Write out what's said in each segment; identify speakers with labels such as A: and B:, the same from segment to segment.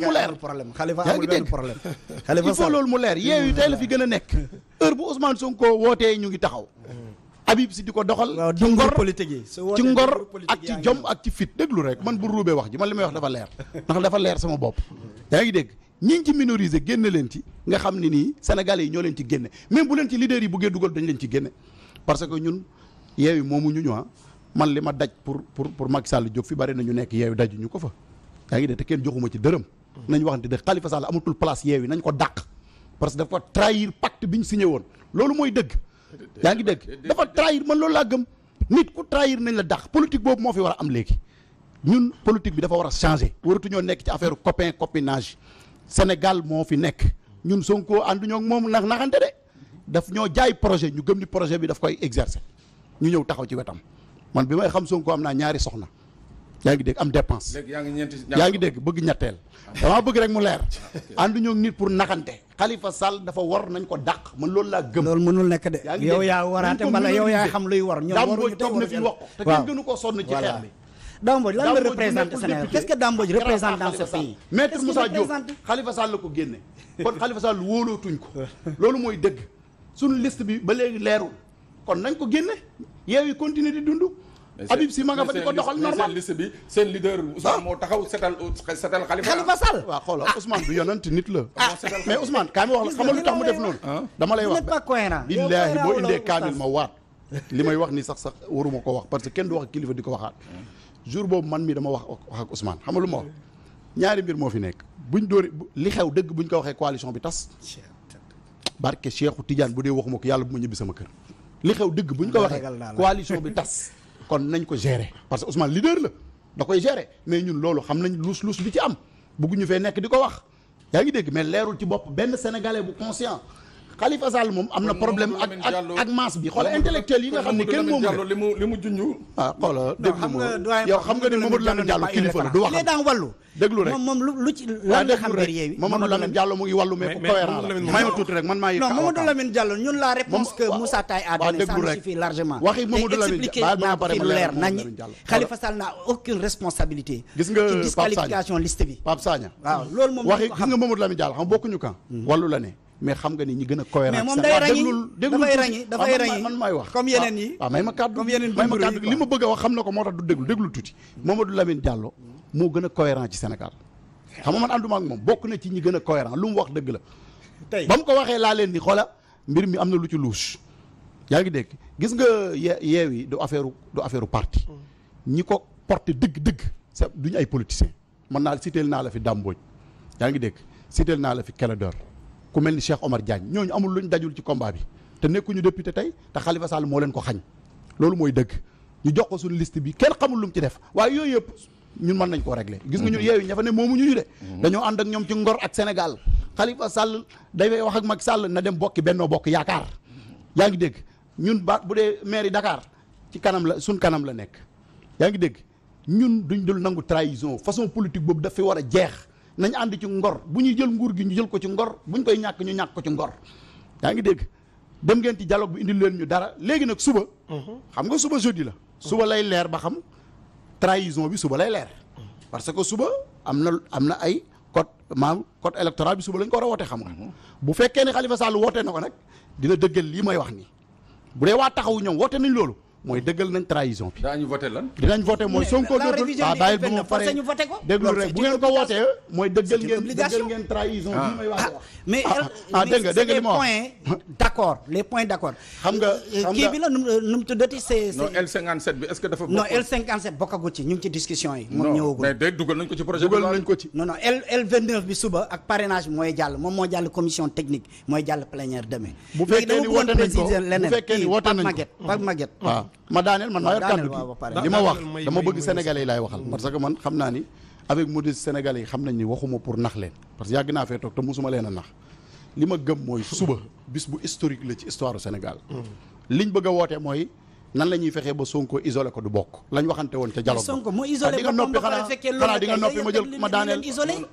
A: loolu mu leer
B: problème xalifa amul benn problème loolu mu leer yeewu tey la fi gën a nekk heure bu Ousmane Sonko wootee ñu ngi taxaw Habib si di ko doxal ci ngor politique yi ci ngor ak ci jom ak ci fit déglu rek man bu ruubee wax ji man li may wax dafa leer ndax dafa leer sama bopp yaa ngi dégg ñi ci minoriser génne leen ci nga xam ni nii sénégalais yi ñoo leen ci génne mais bu leen ci leader yi buggee dugal dañ leen ci génne parce que ñun yeewi moomu ñu ñu ah man li ma daj pour pour pour Macky Sall jóg fi bari na ñu nekk yeewi daju ñu ko fa yaa ngi dégg te kenn joxuma ci dërëm nañ waxante dëgg Khalifa Sall amatul place yi nañ ko dàq parce que dafa trahir pacte bi ñu signé woon loolu mooy dëgg yaa ngi dëgg dafa trahir man loolu laa gëm nit ku trahir nañ la dàq politique boobu moo fi war a am léegi ñun politique bi dafa war a changer waratuñoo nekk ci affaire copain copinage Sénégal moo fi nekk ñun Sonko ànduñoo moom nax naxante de daf ñoo jaay projet ñu gëm ni projet bi daf koy exercer ñu ñëw taxaw ci wetam man bi may xam Sonko am naa ñaari soxna yaa ngi dégg am dépense yaa ngi dégg bëgg ñetteel damaa bëgg rek mu leer ànduñoo nit pour naxante Khalifa Sall dafa war nañ ko dàq man loolu laa gëm loolu mënul nekk de yow yaa waraate wala yow yaa xam luy war ñoom waruñu toog na fi wax ko te kenn gënu koo sonn ci xeex bi Dambodj lan la représente Sénégal qu'est-ce que Dambodj représente dans ce pays maître Moussa Diop Khalifa Sall la ko génne kon ko loolu mooy dëgg suñu liste bi ba léegi leerul kon nañ ko génne yeew yi continuer di dund Habib Sy ma nga fa di ko doxal normal seen leader Ousmane ah. moo taxaw setal setal Khalifa Khalifa Sall ah, waaw xoolal Ousmane du yonent nit la ah. mais Ousmane kaamil wax la xamal lu tax mu def noonu dama lay wax billaahi boo indee kaamil li may wax ni sax sax waruma ko wax parce que kenn du wax ak kilifa di ko waxaat jour boobu man mii dama wax wax ak Ousmane xamal lu ma wax ñaari mbir moo fi nekk buñ dóor li xew dëgg buñ ko waxee coalition bi tas barke Cheikhou bu dee waxuma ko yàlla bu ma ñibbi sama kër li xew ko waxee coalition bi tas kon nañ ko gérer parce que Ousmane leader la da koy gérer mais ñun loolu xam nañ luus luus bi ci am ñu fee nekk di ko wax yaa ngi dégg mais leerul ci bopp benn sénégalais bu conscient Khalifa Sall moom am na problème ak ak bi intellectuel yi nga xam ne kenn moom li mu li mu junj ah xoolal déglu ma yow xam nga ni Mamadou kilifa la du wax dans wàllu rek moom moom lu ah, la may ma tuuti la réponse que Moussa Taye a donné ça suffit largement waxi Mamadou Lamine Diallo leer nañ Khalifa n'a aucune responsabilité gis nga ci disqualification liste bi Pape Sagna waaw loolu moom waxi gis nga Mamadou Lamine Diallo xam bokkuñu kan wàllu la ne mais xam nga ni ñi gën a cohérent mais moom day ràññi déglul dafay ràññi ah, man maay wax comme yeneen yi ah, waaw may ma kàddu comme yeneen may ma kàddu li ma bëgg a wax xam na ko moo tax du déglu déglu tuuti hmm. Mamadou Lamine Diallo moo gën a cohérent ci Sénégal xam ma man ànduma ak moom bokk na ci ñi gën a cohérent lu mu wax dëgg la tey ba mu ko waxee laa leen ni xoola mbir mi am na lu ci louche yaa ngi dégg gis nga yeew yi du affaire du affaire parti hmm. ñi ko porté dëgg-dëgg c'est duñu ay politicien man naa citeel naa la fi Dame yaa ngi dégg citeel naa la fi Clédor ku mel ni Cheikh Omar Diagne ñooñu amul ñu dajul ci kombaa bi te nekkuñu député tey te Khalifa Sall moo leen ko xañ loolu mooy dëgg ñu jox ko suñu list bi kenn xamul lu mu ci def waaye yooyu yëpp ñun mën nañ koo régler gis nga ñu mhm. yeeyu ña ne moomu ñu de mhm. dañoo ànd ak ñoom ci ngor ak Sénégal Khalifa Sall day wax ak mag sàll na dem bokki Benno Bokk Yaakaar mhm. yaa ngi dégg ñun ba bu dee mairie Dakar ci kanam la suñ kanam la nekk yaa ngi dégg ñun duñ dul nangu trahison façon politique boobu daf war a jeex nañ ànd ci ngor bu ñu jël nguur gi ñu jël ko ci ngor bu ñu koy ñàkk ñu ñàkk ko ci ngor yaa ngi dégg dem ngeen ci dialogue bi indil leen ñu dara léegi nag suba xam nga suba jeudi la suba lay leer ba xam trahison bi suba lay leer parce que suba am na am na ay code maam code électoral bi suba lañ ko war a woote xam nga bu fekkee ne Khalifa Sall woote na ko nag dina dëggal lii may wax nii bu dee waa taxawu ñëw woote nañ loolu mooy dëggal nañ trahison bi. daañu voté lan. dinañ voté mooy Sonko dootul ah bàyyil bu ma paree déglu rek bu ngeen ko wootee mooy dëggal ngeen dëggal ah. bi ah, ah, euh, dégg nga dégg nga li ma wax d' accord les points d' nga euh, kii bi la nu nu mu moom suba ak parrainage mooy jàll moom moo jàll commission technique mooy jàll plénière demain. bu fekkee ni woote nañ ko bu fekkee ni woote ma daaneel man maa yor kàddu gi li ma wax dama bëgg sénégalais yi laay waxal parce que man xam naa ni avec modestie sénégalais yi xam nañ waxuma pour nax leen parce que yàgg naa fee toog te musuma leen a nax li ma gëm mooy suba bis bu historique la ci histoire Sénégal mm. liñ bëgg a woote mooy nan la ñuy fexee ba Sonko isolé ko du bokk lañ waxante woon ca dialogue Sonko mu isolé di nga noppi xanaa di ma jël ma daaneel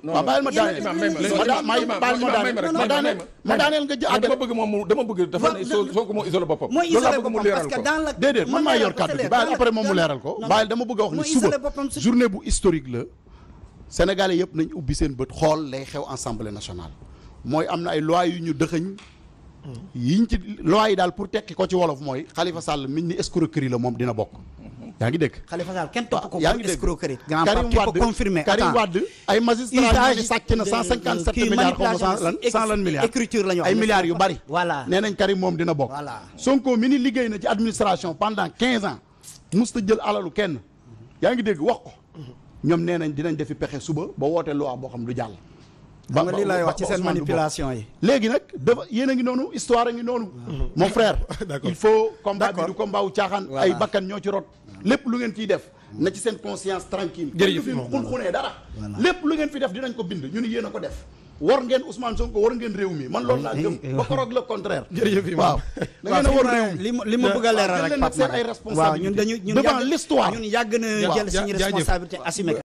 B: waaw bàyyil ma daaneel ma bàyyil ma daaneel ma daaneel ma daaneel nga jël ah, dama bëgg moom dafa ne Sonko mu leeral ko déedéet man maa yor kàddu gi bàyyil après moom mu leeral ko bàyyil dama bëgg a wax ni suba journée bu historique la Sénégalais yëpp nañ ubbi seen bët xool lay xew Assemblée nationale mooy am na ay loi yu ñu dëxëñ yiñ ci loi yi daal pour tekki ko ci wolof mooy Khalifa Sall miñ ni escroquerie la moom dina bokk. yaa ngi dégg. Khalifa Sall kenn topp ko. yaa ngi dégg escroquerie. grand parti ko confirmé Karim Wade ay magistrats na 157 milliards xaw ma 100 100 lan milliards écriture la ñu ay milliards yu bari. voilà nee moom dina bokk. Sonko mi ni liggéey na ci administration pendant 15 ans mës jël alalu kenn yaa ngi dégg wax ko. ñoom nee nañ dinañ defi pexe suba ba woote loi boo xam du jàll. ba nga li lay wax ci seen manipulation yi. léegi nag dafa yéen a ngi noonu histoire a ngi noonu. Mm-hmm. mon frère. il faut combat bi wu caaxaan. ay bakkan ñoo ci rot. Mm-hmm. lépp lu ngeen ciy def. na ci seen conscience tranquille jërëjëf fi xun xunee lépp lu ngeen fi def dinañ ko bind ñu ni ko def. war ngeen Ousmane Sonko war ngeen réew mi man loolu laa gëm ba koroog le contraire. jërëjëf waaw da ngeen a war réew li ma li ma rek Pape Mara waaw responsabilité assumé